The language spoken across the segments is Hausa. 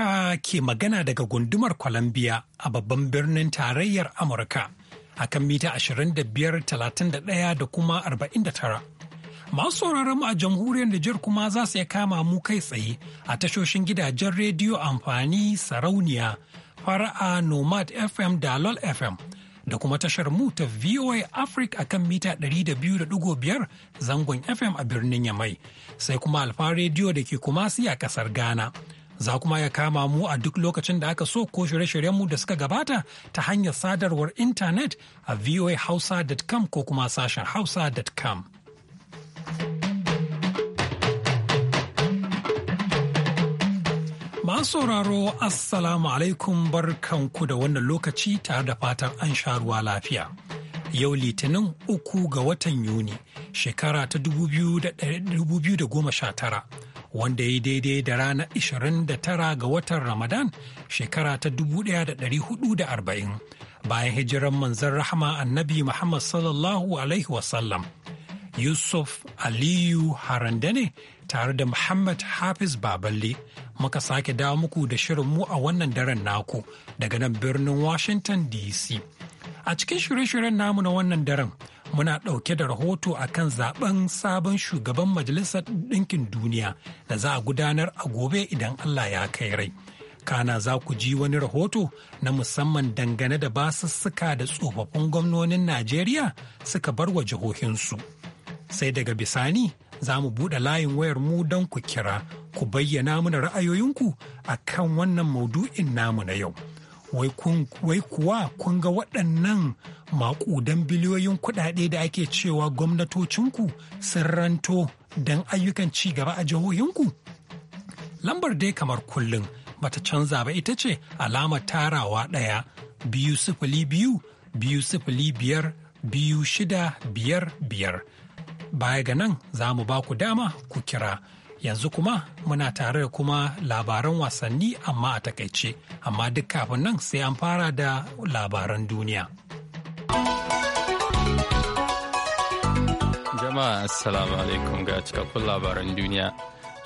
Amurka ke magana daga gundumar Columbia a babban birnin tarayyar Amurka a kan mita 25,31 da kuma 49. Masu sauraron mu a jamhuriyar Nijar kuma za su iya kama mu kai tsaye a tashoshin gidajen rediyo amfani sarauniya fara'a Nomad FM da LOL FM. da kuma tashar mu ta VOA Africa a kan mita 200.5 zangon FM a birnin Yamai, sai kuma Alfa rediyo da ke kuma a kasar Ghana. Za kuma ya kama mu a duk lokacin da aka so ko shirye-shiryenmu da suka gabata ta hanyar sadarwar intanet a voahausa.com ko kuma sashen hausa.com. Ma sauraro Assalamu alaikum barkanku da wannan lokaci tare da fatan an sha ruwa lafiya. Yau Litinin uku ga watan Yuni, shekara ta 2019. wanda ya yi daidai da ranar 29 ga watan Ramadan shekara ta 1440 bayan hijiran manzan rahama annabi Muhammad sallallahu Alaihi wasallam. Yusuf Aliyu Harandane tare da Muhammad Hafiz Baballe muka sake dawo muku da shirinmu a wannan daren naku daga nan birnin Washington DC. A cikin shirye-shiryen namu na wannan daren muna ɗauke da rahoto a kan zaben sabon shugaban majalisar ɗinkin duniya da za a gudanar a gobe idan Allah ya kai rai. Kana za ku ji wani rahoto na musamman dangane da basussuka da tsofaffin gwamnonin Najeriya suka bar wa jihohinsu. Sai daga bisani za mu buɗe layin wayar mu don ku kira ku bayyana mana ra'ayoyinku a kan wannan maudu'in namu na yau. wai kuwa kun ga waɗannan maƙudan biliyoyin kuɗaɗe da ake cewa gwamnatocinku sun ranto don ayyukan ci gaba a jihohinku? Lambar dai kamar kullum bata canza ba ita ce alamar tarawa ɗaya biyu sifili biyu biyu sifili biyar biyu shida biyar biyar. Baya ga nan za mu ba ku dama ku kira yanzu kuma muna tare da kuma labaran wasanni amma a takaice amma duk kafin nan sai an fara da labaran duniya jama'a assalamu alaikum ga cikakkun labaran duniya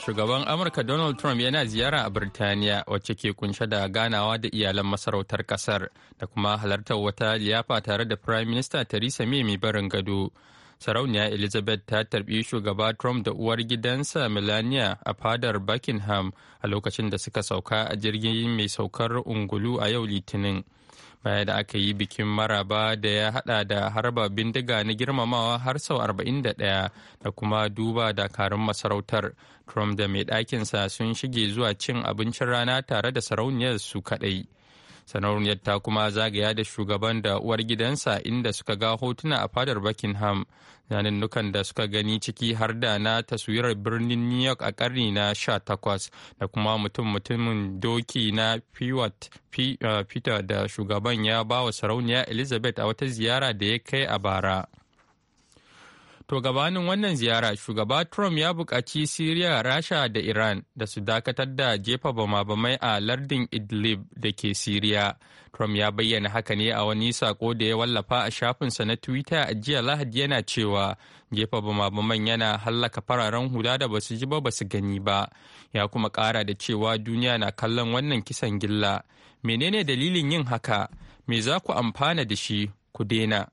shugaban amurka donald trump yana ziyara a birtaniya wacce ke kunshe da ganawa da iyalan masarautar kasar da kuma halartar wata liyafa tare da prime minister theresa may mai barin gado sarauniya elizabeth ta tarbi shugaba trump da uwar gidansa melania a fadar buckingham a lokacin da suka sauka a jirgin mai saukar ungulu a yau litinin baya da aka yi bikin maraba da ya hada da harba bindiga na girmamawa har sau 41 da kuma duba dakarun masarautar trump da mai ɗakinsa sun shige zuwa cin abincin rana tare da sarauniyar su kaɗai sanarwar ta kuma zagaya da shugaban da uwar gidansa inda suka ga hotuna a fadar buckingham nukan da suka gani ciki har da na taswirar birnin new york a karni na 18 da kuma mutum-mutumin doki na uh, peter da shugaban ya ba wa sarauniya elizabeth a wata ziyara da ya kai a bara. To gabanin wannan ziyara shugaba Trump ya buƙaci Siriya, Rasha da Iran da su dakatar da jefa bama-bamai a lardin Idlib da ke Siriya. Trump ya bayyana haka ne a wani sako da ya wallafa a shafinsa na Twitter a jiya Lahadi yana cewa jefa bama-baman yana hallaka fararen hula da basu ji ba basu gani ba. Ya kuma ƙara da cewa duniya na kallon wannan kisan gilla. Menene dalilin yin haka? Me za ku amfana da shi? Ku daina.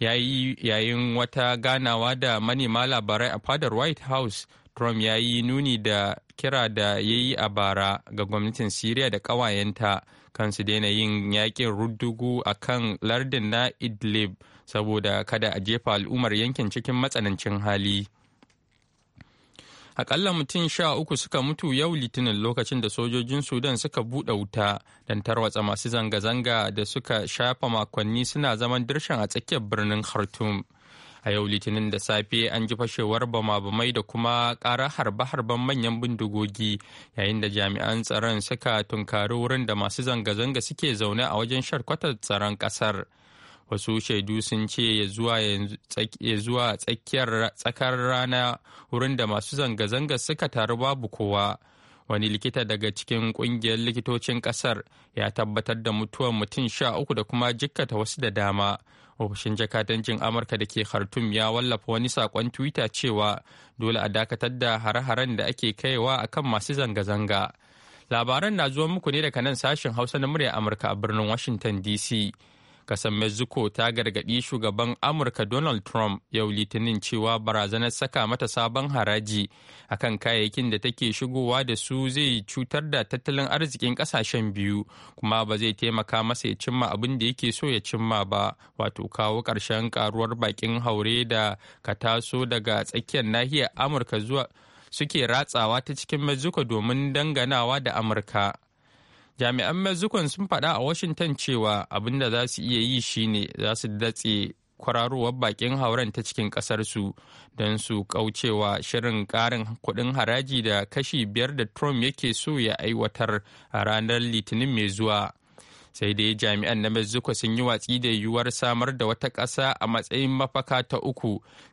yayin wata ganawa da manema labarai a fadar white house trump ya yi nuni da kira da ya yi a bara ga gwamnatin syria da ƙawayenta kan su daina yin yakin ruddugu a kan lardin na idlib saboda kada a jefa al'ummar yankin cikin matsanancin hali Akalla mutum sha uku suka mutu yau litinin lokacin da sojojin Sudan suka buɗe wuta don tarwatsa masu zanga-zanga da suka shafa makonni suna zaman dirshan a tsakiyar birnin Khartoum. A yau litinin da safe an ji fashewar bama-bamai da kuma ƙara harbe-harben manyan bindigogi yayin da jami'an tsaron suka tunkari wurin da masu zanga-zanga suke zaune a wajen sharkwatar tsaron ƙasar. wasu shaidu sun ce ya zuwa tsakiyar tsakar rana wurin da masu zanga-zanga suka taru babu kowa wani likita daga cikin kungiyar likitocin kasar ya tabbatar da mutuwar mutum sha uku da kuma jikkata wasu da dama ofishin jakadancin amurka da ke khartum ya wallafa wani sakon twitter cewa dole a dakatar da hare-haren da ake kaiwa akan masu zanga-zanga labaran na zuwa muku ne daga nan sashen hausa na murya amurka a birnin washington dc kasan Mexico ta gargaɗi shugaban Amurka Donald Trump yau Litinin cewa barazanar saka mata sabon haraji akan kayayyakin da take shigowa da su zai cutar da tattalin arzikin ƙasashen biyu kuma ba zai taimaka masa ya cimma abin da yake so ya cimma ba wato kawo ƙarshen karuwar bakin haure da ka taso daga tsakiyar nahiyar Amurka zuwa suke ratsawa ta cikin Mexico domin danganawa da Amurka. jami'an mexico sun faɗa a washington cewa abin da za su iya yi shine za su datse kwararowar bakin hauren ta cikin ƙasarsu don su kaucewa shirin ƙarin kuɗin haraji da kashi biyar da trump yake so ya aiwatar a ranar litinin mai zuwa sai dai jami'an na mexico sun yi watsi da yiwuwar samar da wata ƙasa a matsayin mafaka ta uku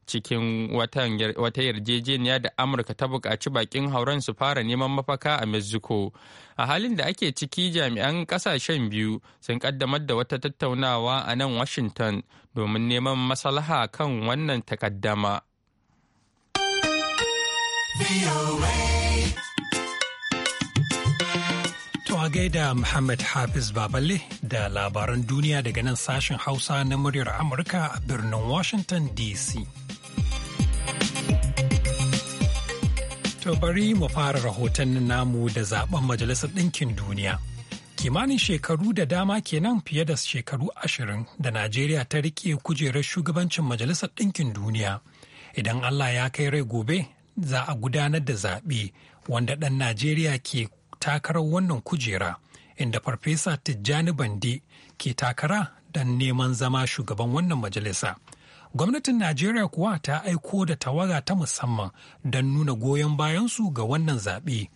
cikin wata yarjejeniya da amurka ta buƙaci bakin hauren su fara neman mafaka a mexico a halin da ake ciki jami'an ƙasashen biyu sun ƙaddamar da wata tattaunawa a nan washington domin neman maslaha kan wannan takaddama. a gaida Muhammad Hafiz Baballe da labaran duniya daga nan sashen Hausa na muryar Amurka a birnin Washington DC. To bari mu fara rahoton namu da zaben Majalisar Ɗinkin Duniya. Kimanin shekaru da dama kenan fiye da shekaru ashirin da Najeriya ta rike kujerar shugabancin Majalisar Ɗinkin Duniya. Idan Allah ya kai rai gobe za a gudanar da zaɓe wanda ɗan Najeriya ke takarar wannan kujera inda farfesa tijjani bandi ke takara don neman zama shugaban wannan majalisa gwamnatin najeriya kuwa ta aiko da tawaga ta musamman don nuna goyon bayansu ga wannan zaɓe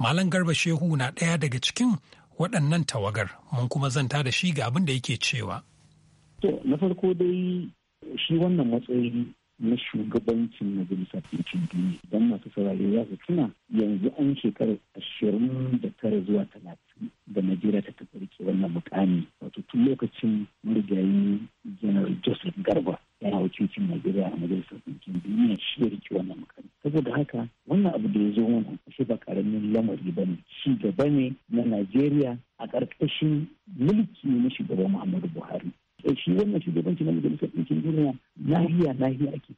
malam garba shehu na ɗaya daga cikin waɗannan tawagar mun kuma zanta da shi ga abin da yake cewa na farko dai shi wannan matsayi na shugabancin majalisar ɗinkin duniya don masu saurare za su tuna yanzu an shekarar ashirin da tara zuwa talatin da najeriya ta taɓa rike wannan mukami wato tun lokacin marigayi general joseph garba yana wakilcin najeriya a majalisar ɗinkin duniya shi ya rike wannan mukami saboda haka wannan abu da ya zo mana shi ba karamin lamari ba ne ci gaba ne na najeriya a ƙarƙashin mulki na shugaban muhammadu buhari shi wannan shugabanci na majalisar ɗinkin duniya nahiya nahiya ake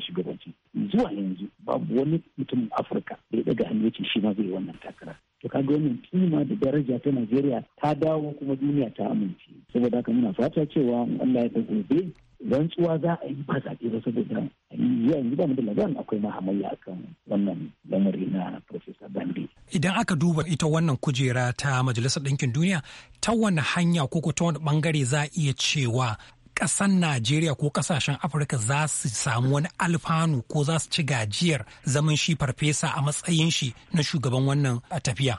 so shugabanci zuwa yanzu babu wani mutumin afirka da ya daga hannu yake shi ma zai wannan takara to ga wannan kima da daraja ta najeriya ta dawo kuma duniya ta amince saboda haka muna fata cewa allah ya gobe rantsuwa za a yi ba zaɓe ba saboda yanzu ba mu da labarin akwai ma hamayya kan wannan lamari na Profesa Bande. Idan aka duba ita wannan kujera ta Majalisar Ɗinkin Duniya ta wani hanya ko ta wani ɓangare za a iya cewa kasan Najeriya ko kasashen Afirka za su samu wani alfanu ko za su ci gajiyar zaman shi farfesa a matsayin shi na shugaban wannan a tafiya?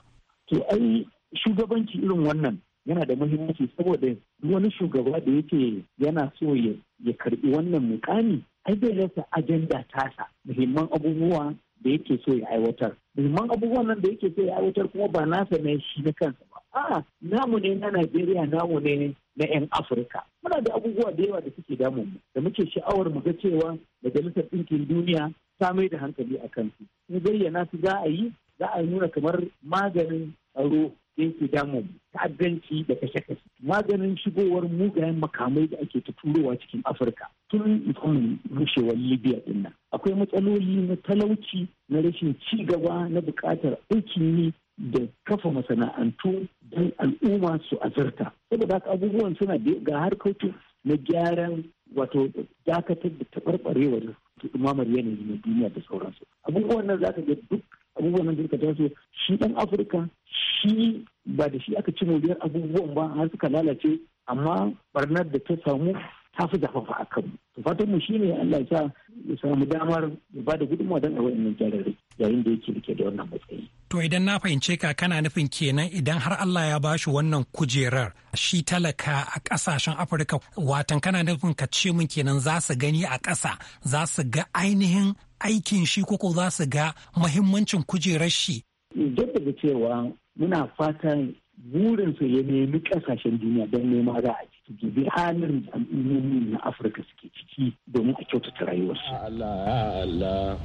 To ai shugabanci irin wannan yana da muhimmanci saboda wani shugaba da yake yana so ya karbi wannan mukami ai bai rasa ajanda tasa muhimman abubuwa da yake so ya aiwatar Muhimman abubuwan nan da yake so ya aiwatar kuma ba nasa ne shi na kansa ba a'a namu ne na Najeriya namu ne na 'yan Afirka muna da abubuwa da yawa da suke damu mu da muke sha'awar mu ga cewa majalisar ɗinkin duniya ta mai da hankali a kansu in bayyana su za a yi za a nuna kamar maganin tsaro damu. Ta ta'addanci da kashe-kashe maganin shigowar mugayen makamai da ake ta turowa cikin afirka tun musamman rushewar libya din akwai matsaloli na talauci na rashin ci gaba na bukatar aikin yi da kafa masana'antu don al'umma su azurta saboda haka abubuwan suna da ga harkokin na gyaran wato dakatar da taɓarɓarewar dumamar yanayi na duniya da sauransu abubuwan nan zaka ga duk abubuwan nan da taso shi dan afirka shi ba da shi aka ci moriyar abubuwan ba har suka lalace amma barnar da ta samu ta fi zafafa a kanmu fatanmu mu shine Allah ya sa ya samu damar ya ba da gudunmawa don a wa'annan gyararri yayin da yake rike da wannan matsayi. To idan na fahimce ka kana nufin kenan idan har Allah ya ba shi wannan kujerar shi talaka a kasashen Afirka watan kana nufin ka ce min kenan za su gani a ƙasa za su ga ainihin aikin shi koko za su ga mahimmancin kujerar shi. Duk da cewa muna fatan burinsu ya nemi ƙasashen duniya don nema za a su dubi halin al'ummomi na afirka suke ciki domin a kyautata rayuwarsu allah ya allah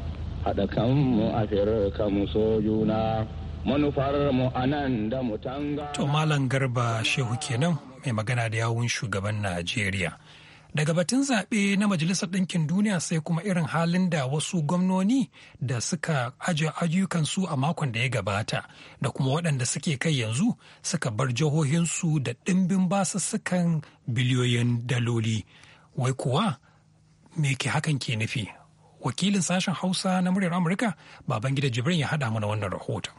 haɗa kanmu afirka mu so juna manufar mu anan da mu tanga to malam garba shehu kenan mai magana da yawun shugaban najeriya Daga batun zaɓe na Majalisar Ɗinkin Duniya sai kuma irin halin da wasu gwamnoni da suka ajiye ayyukansu a makon da ya gabata da kuma waɗanda suke kai yanzu suka bar jihohinsu da ɗimbin basussukan biliyoyin daloli. Wai kuwa me ke hakan ke nufi? Wakilin sashen Hausa na muryar Amurka, Babangida Jibrin ya haɗa mana wannan rahoton.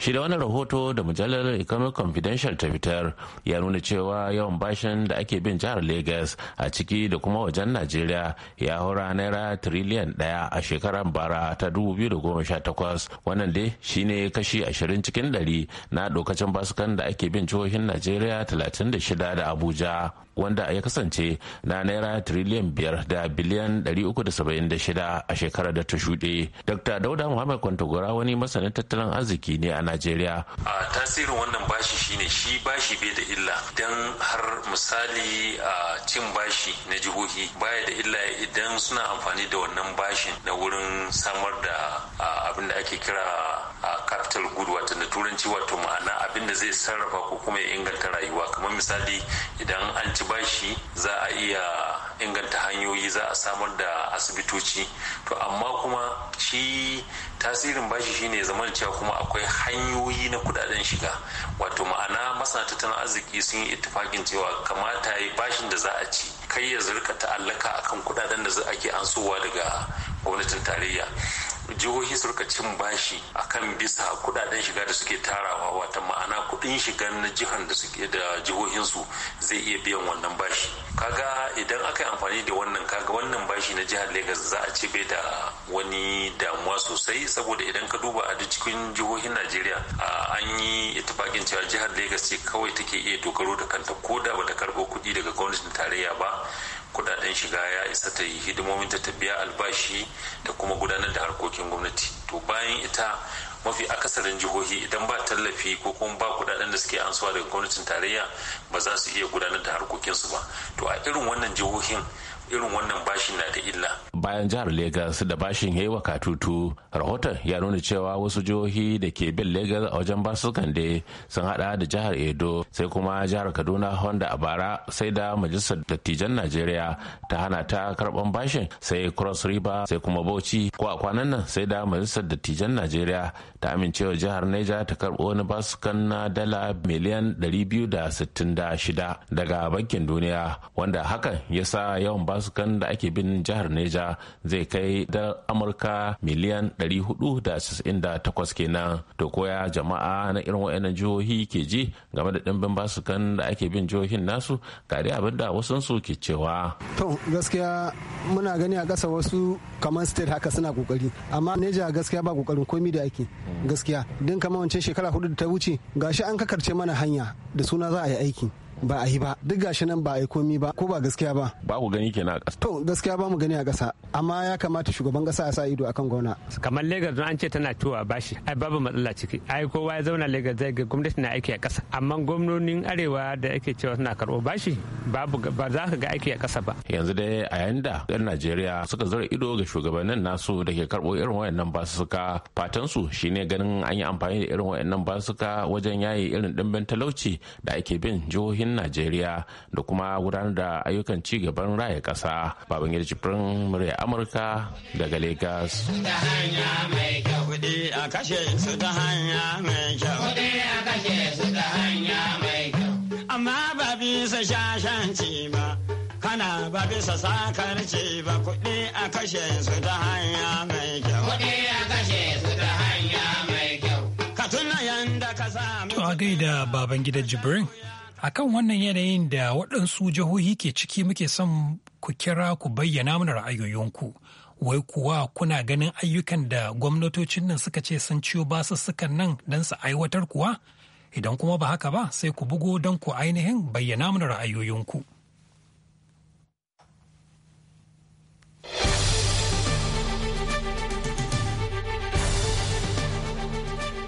shi da wani rahoto da mujallar economic confidential ta fitar ya nuna cewa yawan bashin da ake bin jihar lagos a ciki da kuma wajen najeriya ya hau naira tiriliyan daya a shekarar bara ta 2018 wannan dai shine kashi 20 cikin 100 na dokacin baskan da ake bin jihohin najeriya 36 da abuja wanda ya kasance na naira tiriliyan biyar da biliyan 376 a shekarar da ta shuɗe dr dauda muhammad Kwantogora wani masanin tattalin arziki ne a najeriya a tasirin wannan bashi shine shi bashi bai da illa don har misali a cin bashi na jihohi baya da illa idan suna amfani da wannan bashin na wurin samar da abin da ake kira a capital good wato da turanci wato ma'ana abin da zai sarrafa ko kuma ya inganta rayuwa kamar misali idan an ci bashi za a iya inganta hanyoyi za a samar da asibitoci to amma kuma shi tasirin bashi shine zaman cewa kuma akwai hanyoyi na kudaden shiga wato ma'ana masana tattalin arziki sun yi ittifakin cewa kamata ya bashin da za a ci kai ya zurka ta'allaka akan kudaden da ake ansowa daga gwamnatin tarayya jihohi su cin bashi akan bisa kudaden shiga da suke tarawa wata ma'ana kudin shiga na jihar da suke da jihohinsu zai iya biyan wannan bashi kaga idan aka yi amfani da wannan kaga wannan bashi na jihar lagos za a ci bai da wani damuwa sosai saboda idan ka duba a cikin jihohin najeriya an yi itifakin cewa jihar lagos ce kawai take iya dogaro da kanta ko da bata karbo kuɗi daga gwamnatin tarayya ba kudaden shiga ya isa ta yi hidimomin ta biya albashi da kuma gudanar da harkokin gwamnati to bayan ita mafi akasarin jihohi idan ba tallafi ko kuma ba kudaden da suke ansuwa daga gwamnatin tarayya ba za su iya gudanar da harkokinsu ba to a irin wannan jihohin irin wannan bashin na da illa bayan jihar Legas da bashin ya yi wa katutu rahoton ya nuna cewa wasu jihohi da ke bin Legas a wajen basu kande sun hada da jihar edo sai kuma jihar kaduna honda a bara sai da majalisar dattijan najeriya ta hana ta karban bashin sai cross river sai kuma bauchi ko a kwanan nan sai da majalisar dattijan najeriya ta amincewa jihar neja ta karbo wani basukan na dala miliyan 266 daga bankin duniya wanda hakan ya sa yawan masukan da ake bin jihar neja zai kai da amurka miliyan 498 kenan to koya jama'a na irin wa'annan jihohi ke ji game da dimbin basukan da ake bin jihohin nasu ga dai abin da wasansu ke cewa to gaskiya muna gani a kasa wasu kamar state haka suna kokari amma neja gaskiya ba kokarin komi da ake gaskiya din kama wancan shekara hudu da ta wuce gashi an kakarce mana hanya da suna za a yi aiki ba a yi ba duk gashi nan ba a yi komi ba ko ba gaskiya ba ba ku gani kenan a ƙasa to gaskiya ba mu gani a ƙasa amma ya kamata shugaban ƙasa ya sa ido akan gwamna kamar Legas don an ce tana tuwa bashi ai babu matsala ciki ai kowa ya zauna Legas zai ga gwamnati na aiki a ƙasa amma gwamnonin arewa da ake cewa suna karɓo bashi babu ba za ka ga aiki a ƙasa ba yanzu dai a yayin da ɗan Najeriya suka zura ido ga shugabannin nasu da ke karɓo irin wayannan basuka fatan su shine ganin an yi amfani da irin wayannan basuka wajen yayi irin dimbin talauci da ake bin jihohin najeriya da kuma gudanar da ayyukan ci gaban raya ƙasa babangida jibrin murya amurka daga lagos Kuɗi a kashe su ta hanya mai kyau. Kuɗi a kashe su ta hanya mai kyau. Amma ba bisa shashanci ba, kana ba bisa sakarci ba, kuɗi a kashe su ta hanya mai kyau. Kuɗi a kashe su ta hanya mai kyau. Ka tuna yanda ka sami. To a gaida baban gidan Jibrin. akan wannan yanayin da waɗansu jihohi ke ciki muke son ku kira ku bayyana mana ra'ayoyinku wai kuwa kuna ganin ayyukan da gwamnatocin nan suka ce sun ciyo basussukan nan don su aiwatar kuwa idan kuma ba haka ba sai ku bugo don ku ainihin bayyana mana ra'ayoyinku.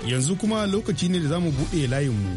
Yanzu kuma lokaci ne da za mu buɗe layinmu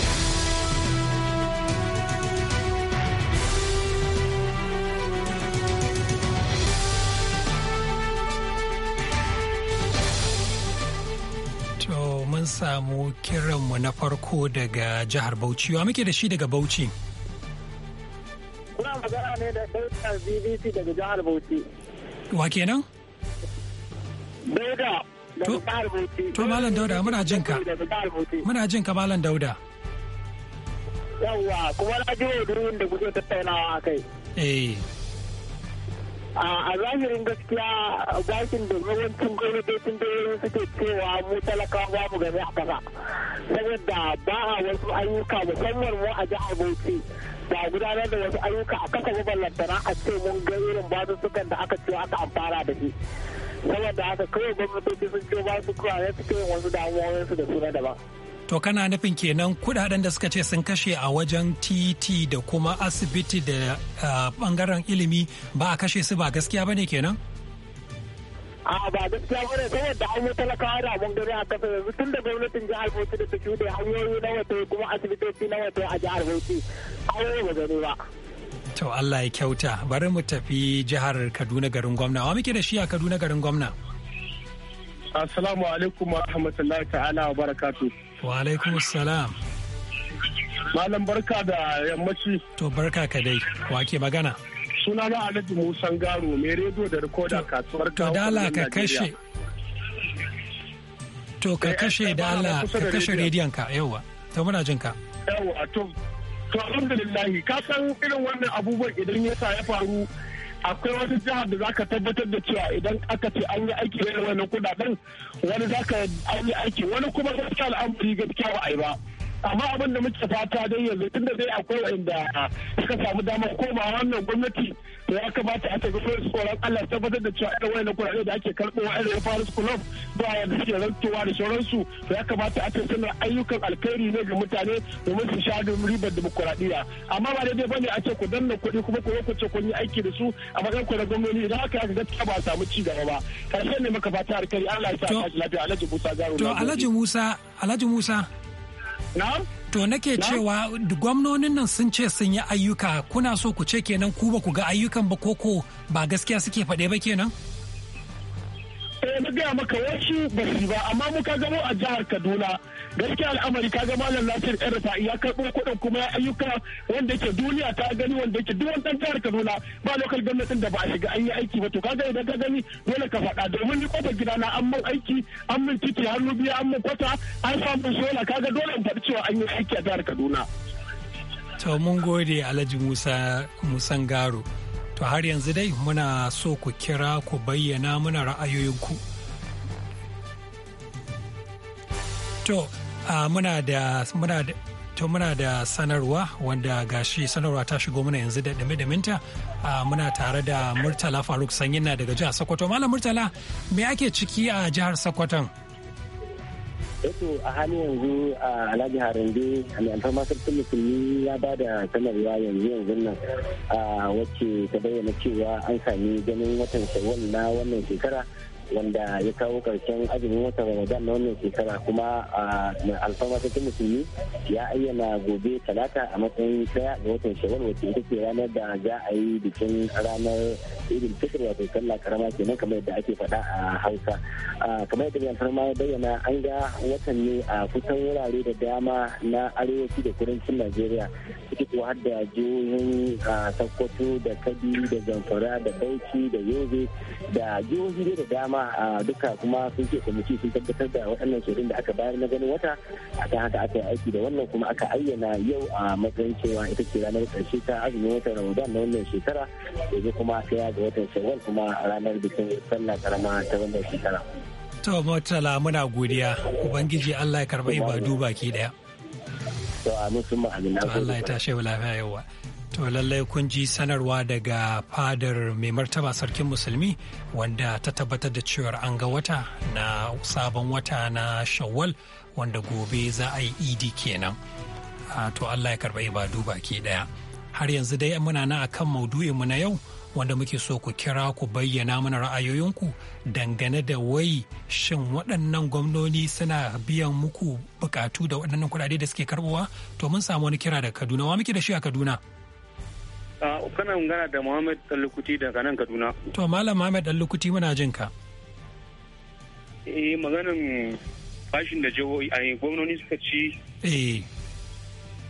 kiranmu na farko daga jihar Bauchi. Wa muke da shi daga Bauchi? Kuna magana ne da Dauda BBC daga jihar Bauchi. Wa kenan? Dauda daga jihar Bauchi. To Malam Dauda muna jin ka. Muna jin ka Malam Dauda. Yawwa kuma na ji wa da kuke tattaunawa a kai. Eh. a zahirin gaskiya bashin da yawancin gwamnatocin bayan suke cewa mu talakawa mu gani a kasa saboda ba a wasu ayyuka musamman mu a jihar bauchi da gudanar da wasu ayyuka a kasa ballantana a ce mun ga irin sukan da aka ce aka amfana da shi saboda haka kawai gwamnatoci sun ce ba su kurayen suke wasu su da suna daban. To kana nufin kenan kudaden da suka ce sun kashe a wajen titi da kuma asibiti da bangaren ilimi ba a kashe su ba gaskiya bane kenan? a ba gaskiya sai saboda an yi talakawa da mun gani a kasa yanzu tun da gwamnatin jihar Bauchi da ta shuɗe hanyoyi na wata kuma asibitoci na wata a jihar Bauchi an yi ba gani ba. To Allah ya kyauta bari mu tafi jihar Kaduna garin gwamna wa muke da shi a Kaduna garin gwamna. Assalamu alaikum wa rahmatullahi ta'ala wa barakatuh. Wa alaikum salam. Malam barka da yammaci. To barka ka dai, wa ke magana? Suna na Alhaji Musan Garo, mai rediyo da rikoda kasuwar ta To dala ka kashe. To ka eh, kashe eh, dala ka kashe rediyon ka yauwa. To muna jin ka. Yauwa to to alhamdulillahi, ka san irin wannan abubuwan idan ya sa ya faru akwai wani jihar da zaka tabbatar da cewa idan aka ce an yi aiki da wannan kudaden wani zaka an yi aiki wani kuma gaskiya al'amari gaskiya ba a yi ba amma abin da muke fata dai yanzu tun da zai akwai wanda suka samu damar koma wannan gwamnati da ya kamata a tafi su tsoron Allah tabbatar da cewa irin na kuɗaɗe da ake karɓo wa irin Faris Club ba yadda suke rantowa da sauransu da ya kamata a tafi sanar ayyukan alkhairi ne ga mutane domin su sha ribar demokuraɗiyya amma ba daidai bane a ce ku danna kuɗi kuma ku lokaci kun yi aiki da su a matsayin ku na gwamnati idan aka ga gaskiya ba a samu ci gaba ba karshen ne muka fata alkhairi Allah ya sa ka lafiya Alhaji Musa Garo to Alhaji Musa Alhaji Musa To nake cewa gwamnonin nan sun ce sun yi ayyuka kuna so ku ce kenan ku ba ku ga ayyukan ba koko ba gaskiya suke faɗe ba kenan? eh na gaya maka wasu ba su ba amma mu ka gamo a jihar Kaduna gaskiya al'amari ka ga malam Nasir ɗan Rufa'i ya karɓo kuɗin kuma ya ayyuka wanda ke duniya ta gani wanda ke duk wani jihar Kaduna ba lokal gwamnatin da ba a shiga an yi aiki ba to kaga idan ka gani dole ka faɗa domin ni kofar gida an mun aiki an mun titi hannu biya an mun kwata an samu sola kaga dole in faɗi cewa an yi aiki a jihar Kaduna. To mun gode Alhaji Musa Musangaro. To har yanzu dai muna so ku kira ku bayyana muna ra'ayoyinku. To, muna da muna da to muna da sanarwa wanda gashi sanarwa ta shigo mana yanzu da dame muna tare da murtala faruk sanyin na daga jihar sokoto malam murtala me ake ciki a jihar sokoton Eto eh a halin yanzu a Alhaji Harande a mai alfarma sarkin musulmi ya ba da sanarwa yanzu yanzu nan a wacce ta bayyana cewa an sami ganin watan shawwal na wannan shekara wanda ya kawo karshen azumin watan ramadan na wannan shekara kuma alfama ta musulmi ya ayyana gobe talata a matsayin daya ga watan shawar wacce ita ce ranar da za a yi bikin ranar irin fitar wato sallah karama kenan kamar yadda ake faɗa a hausa kamar yadda farma ya bayyana an ga watan ne a kusan wurare da dama na arewaci da kudancin najeriya suke kuwa har da jihohin sakkwato da kabi da zamfara da bauchi da yobe da jihohi da dama yawa duka kuma sun ce kwamiti sun tabbatar da waɗannan shirin da aka bayar na ganin wata a akan haka aka yi aiki da wannan kuma aka ayyana yau a matsayin cewa ita ce ranar ƙarshe ta azumin watan ramadan na wannan shekara yanzu kuma ta ya ga watan shawwal kuma ranar bikin sallah karama ta wannan shekara. to murtala muna godiya ubangiji allah ya karba ibadu baki daya. to amin sun ma'amina. to allah ya tashe lafiya yawa. To lallai kun ji sanarwa daga fadar mai martaba sarkin musulmi wanda ta tabbatar da cewar an ga wata na sabon wata na shawwal wanda gobe za a yi idi kenan. To Allah ya karɓi ibadu ke ɗaya. Har yanzu dai muna nan akan mu na yau wanda muke so ku kira ku bayyana mana ra'ayoyinku dangane da wai shin waɗannan gwamnoni suna biyan muku bukatu da waɗannan kuɗaɗe da suke karɓowa to mun samu wani kira daga Kaduna wa muke da shi a Kaduna. kana gana da Muhammad Dallukuti daga nan Kaduna. To Malam Muhammad Dallukuti muna jin ka. Eh maganin bashin da jihohi a gwamnoni suka ci. Eh.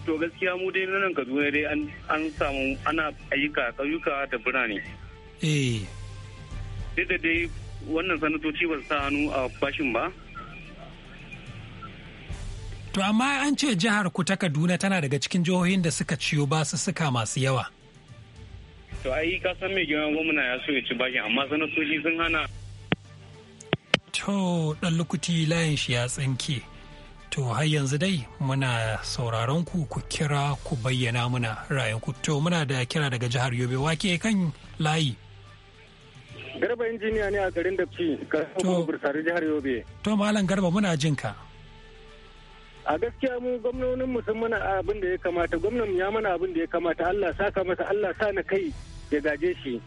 To gaskiya mu dai nan Kaduna dai an samu ana ayyuka ƙauyuka da birane. Eh. Duk da dai wannan sanatoci ba su sa hannu a bashin ba. To amma an ce jihar ku ta Kaduna tana daga cikin jihohin da suka ciyo suka masu yawa. to ai ka san mai girman gwamna ya so ya ci bashi amma sanatoci sun hana to dan lokuti layin shi ya tsanke, to har yanzu dai muna sauraron ku ku kira ku bayyana muna ra'ayin ku to muna da kira daga jihar yobe wake kan layi garba injiniya ne a garin da fi jihar yobe to malam garba muna jin ka a gaskiya mu gwamnonin mu sun mana abin da ya kamata gwamnan ya mana abin da ya kamata Allah saka masa Allah sa na kai ya gaje shi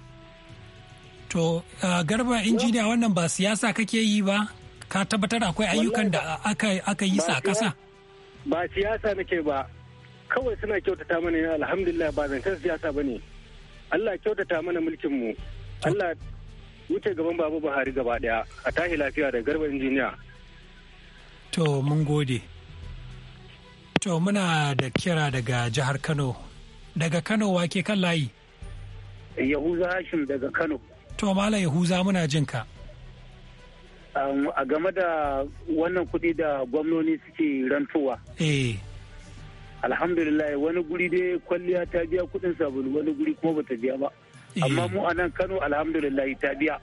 to garba injiniya wannan ba siyasa kake yi ba ka tabbatar akwai ayyukan da aka aka yi sa kasa ba siyasa nake ba kawai suna kyautata mana ne alhamdulillah ba zancen siyasa ba ne Allah kyautata mana mulkin mu Allah wuce gaban babu Buhari gaba daya a tahi lafiya da garba injiniya to mun gode To muna da kira daga jihar Kano. Daga Kano wake kan layi? Yahuza Hashim daga Kano. To Mala Yahuza muna jin ka. Um, a game da wannan kudi da gwamnoni suke rantowa. Eh. Alhamdulillah wani guri dai kwalliya ta biya kuɗin sabulu wani guri kuma bata biya ba. Eh. Amma mu a nan Kano alhamdulillah ta biya.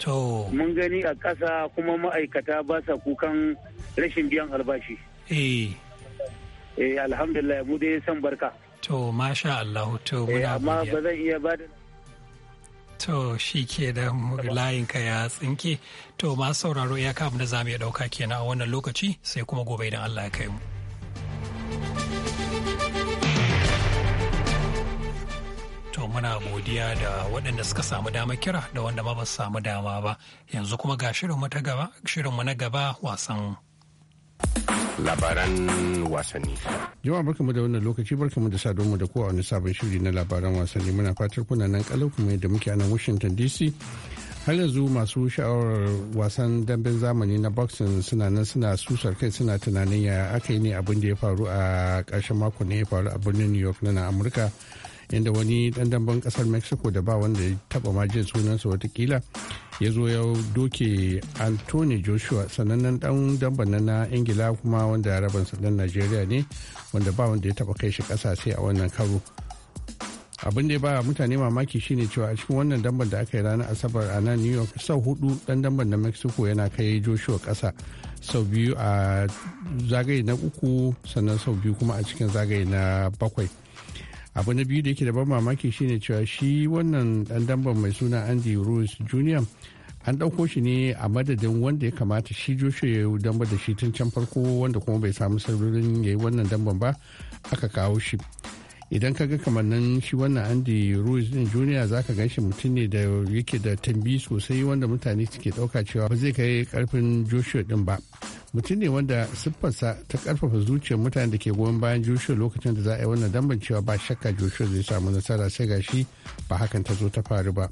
To. Mun gani a ƙasa kuma ma'aikata ba sa kukan rashin biyan albashi. Eh. eh alhamdulillah mu dai san barka to masha Allah to eh, muna amma ba zan iya ba da to shi ke da layin ka ya tsinke to masu sauraro ya kamu da zamu iya dauka kenan a wannan lokaci sai kuma gobe idan Allah ya kai mu muna godiya da waɗanda suka samu dama kira da wanda ma ba su samu dama ba yanzu kuma ga mu na gaba wasan labaran wasanni. Jama'a barkamu da wannan lokaci barkamu da mu da kowa wani sabon shiri na labaran wasanni muna fatar kuna nan kalau kuma yadda muke a nan Washington DC. Har yanzu masu sha'awar wasan damben zamani na boxing suna nan suna susar kai suna tunanin ya aka yi ne abin da ya faru a ƙarshen mako ne ya faru a birnin New York na Amurka. inda wani dan damben kasar mexico da ba wanda ya taba ma jin sunansa watakila ya zo ya doke anthony joshua sanannen dan damba na ingila kuma wanda ya rabin sannan najeriya ne wanda ba wanda ya taba kai shi kasa sai a wannan karo abin da ya ba mutane mamaki shine cewa a cikin wannan damban da aka yi ranar asabar a nan new york sau hudu dan damban na mexico yana kai joshua kasa sau biyu a zagaye na uku sannan sau biyu kuma a cikin zagaye na bakwai abu na biyu da yake da ban mamaki shine cewa shi wannan dan damban mai suna andy rose jr an ɗauko shi ne a madadin wanda ya kamata shi joshua ya yi damba da shi tun can farko wanda kuma bai samu sirrin ya yi wannan damban ba aka kawo shi idan ka ga kamar nan shi wannan andy ruiz din junior zaka gan shi mutum ne da yake da tambi sosai wanda mutane suke dauka cewa ba zai kai karfin joshua din ba mutum ne wanda siffarsa ta karfafa zuciyar mutane da ke goyon bayan joshua lokacin da za a yi wannan damban cewa ba shakka joshua zai samu nasara sai ga shi ba hakan ta zo ta faru ba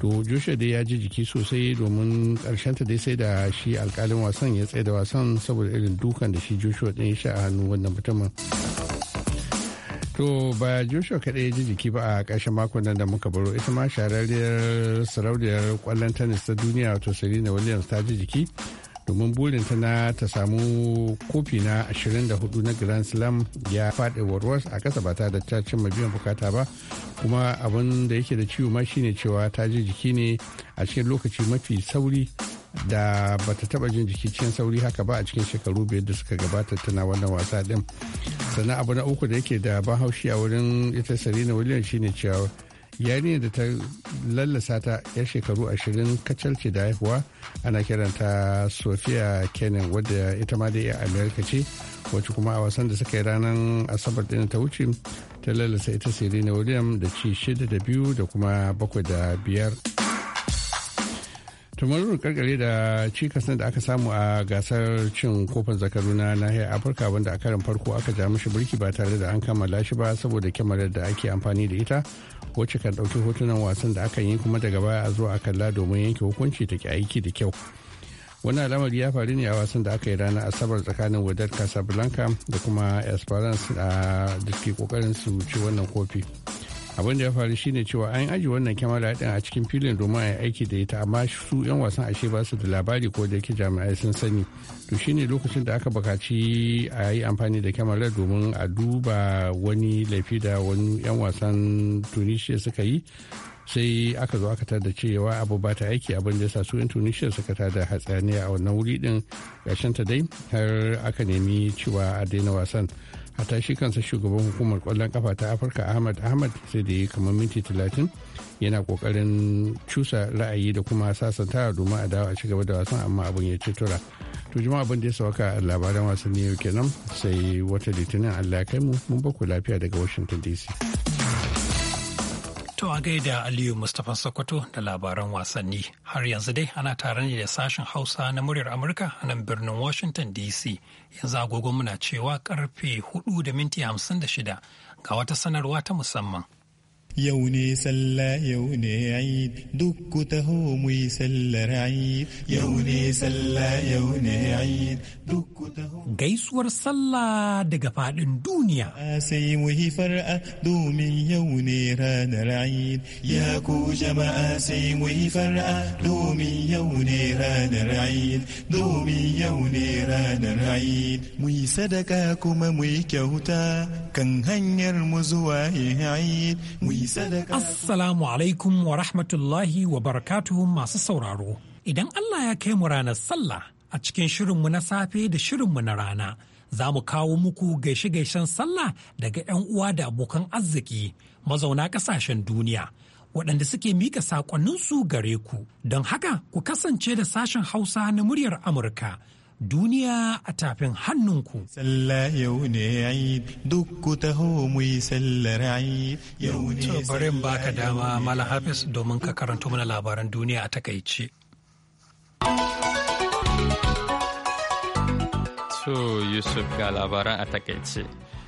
to joshua dai ya ji jiki sosai domin ta dai sai da shi alkalin wasan ya tsaye da wasan saboda irin dukan da shi joshua din ya sha a hannun wannan mutumin. To ba Joshua kaɗai ji jiki ba a ƙarshen makon nan da muka baro ita ma shahararriyar sarauniyar ƙwallon tennis ta duniya wato Serena Williams ta ji jiki domin burin ta na ta samu kofi na 24 na Grand Slam ya faɗi warwas a ƙasa ba ta da ta cimma biyan bukata ba kuma abin da yake da ciwo ma shine cewa ta ji jiki ne a cikin lokaci mafi sauri da bata taba jin jiki cikin sauri haka ba a cikin shekaru biyar da suka gabata tana wannan wasa din sannan abu na uku da yake da ban haushi a wurin ita serena williams shine cewa yarinyar da ta lallasa ta 'ya shekaru ashirin kacalce da haihuwa ana kiranta sofia kenan wadda ita ma da dai amerika ce wacce kuma a wasan da suka yi ranar asabar din ta wuce ta lallasa ita serena williams da ci shida da biyu da kuma bakwai da biyar tumarin karkare da cikas da aka samu a gasar cin kofin zakaru na nahiyar afirka wanda a karin farko aka ja mishi birki ba tare da an kammala shi ba saboda kyamarar da ake amfani da ita wacce kan ɗauki hotunan wasan da aka yi kuma daga baya a zo a kalla domin yanke hukunci ta aiki da kyau wani alamar ya faru ne a wasan da aka yi ranar asabar tsakanin wadar casablanca da kuma esperance da ke kokarin su ci wannan kofi abin da ya faru shine cewa an aji wannan kyamara din a cikin filin domin a yi aiki da ita amma su yan wasan ashe ba su da labari ko da yake jami'ai sun sani to shine lokacin da aka bukaci a yi amfani da kyamara domin a duba wani laifi da wani yan wasan tunisia suka yi sai aka zo aka tada cewa abu ba ta aiki abin da yasa su yan tunisia suka da hatsaniya a wannan wuri din ta dai har aka nemi cewa a daina wasan a tashi kansa shugaban hukumar kwallon kafa ta afirka ahmad ahmad sai da ya kamar minti talatin yana kokarin cusa ra'ayi da kuma sasanta domin a dawo a ci gaba da wasan amma abin ya ci tura to jima abin da ya sauka a labaran wasanni yau kenan sai wata litinin allah kai mu mun baku lafiya daga washington dc To a gaida Aliyu Mustapha Sokoto da labaran wasanni har yanzu dai ana tare ne da sashen Hausa na muryar Amurka a nan birnin Washington DC yanzu agogon muna cewa karfe 4 da minti 56 ga wata sanarwa ta musamman. يوني سلا يوني عيد دك تهوم يسل رعيد يوني سلا يوني عيد دك تهوم جيس ورسلا دقفا الدنيا آسي آه، وهي فرأة دومي يوني ران رعيد يا كو جمع آسي وهي فرأة دومي yau ne ranar domin yau ne ranar mu sadaka kuma mu kyauta kan hanyar mu zuwa mu yi sadaka Assalamu alaikum wa rahmatullahi wa barakatuhu masu sauraro idan Allah ya kai mu ranar sallah a cikin shirinmu na safe da shirinmu na rana za mu kawo muku gaishe-gaishen sallah daga 'yan uwa da abokan arziki mazauna ƙasashen duniya waɗanda suke mika saƙonninsu gare ku. Don haka ku kasance da sashen Hausa na muryar Amurka. Duniya a tafin hannunku. Sallah yau ne yi duk taho mu yi sallar yau ne bari baka dama Malam Hafiz domin ka karanto mana labaran duniya a takaice. So Yusuf ga labaran a takaice.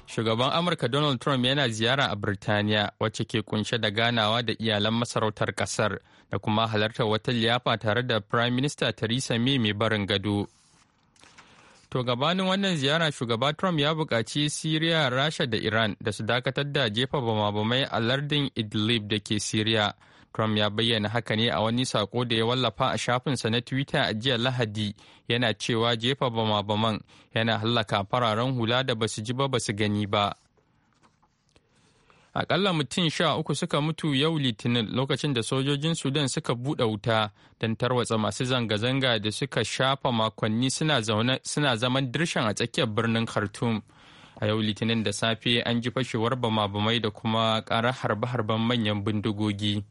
Shugaban Amurka Donald Trump yana ziyara a Birtaniya wacce ke kunshe da ganawa da iyalan masarautar kasar da kuma halartar wata liyafa tare da Prime Minister Theresa May mai barin gado. To gabanin wannan ziyara shugaba Trump ya buƙaci syria Rasha da Iran da su dakatar da jefa bama-bamai a lardin Idlib da ke syria. Trump ya bayyana haka ne a wani sako da ya wallafa a shafinsa na Twitter a jiya Lahadi yana cewa jefa bama-baman yana hallaka fararen hula da basu ji ba basu gani ba. Akalla mutum sha uku suka mutu yau Litinin lokacin da sojojin Sudan suka buɗe wuta don tarwatsa masu zanga-zanga da suka shafa makonni suna zaman dirshan a tsakiyar birnin Khartoum. a yau litinin da safe an ji fashewar bama-bamai da kuma karar harbe-harben manyan bindigogi.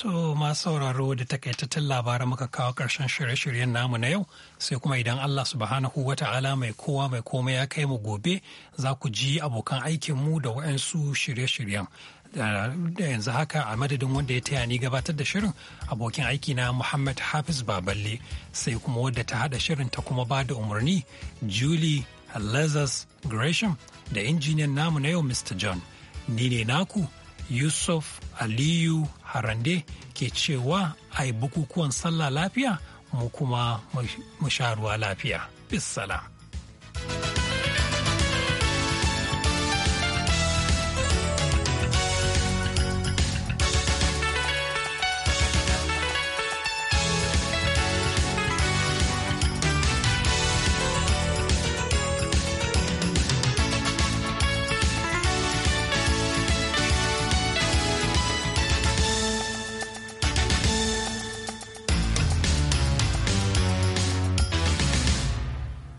To masu sauraro da takaitattun labaran muka kawo ƙarshen shirye-shiryen namu na yau sai kuma idan Allah subhanahu wa ta'ala mai kowa mai komai ya kai mu gobe za ku ji abokan aikinmu da waɗansu shirye-shiryen. Da yanzu haka a madadin wanda ya taya ni gabatar da shirin abokin aiki na Muhammad Hafiz Baballe sai kuma wadda ta haɗa shirin ta kuma ba da umarni Julie Lazarus Gresham da injiniyan namu na yau Mr. John. Ni ne naku Yusuf Aliyu harande ke cewa a yi bukukuwan sallah lafiya mu kuma mu sha ruwa lafiya. Bis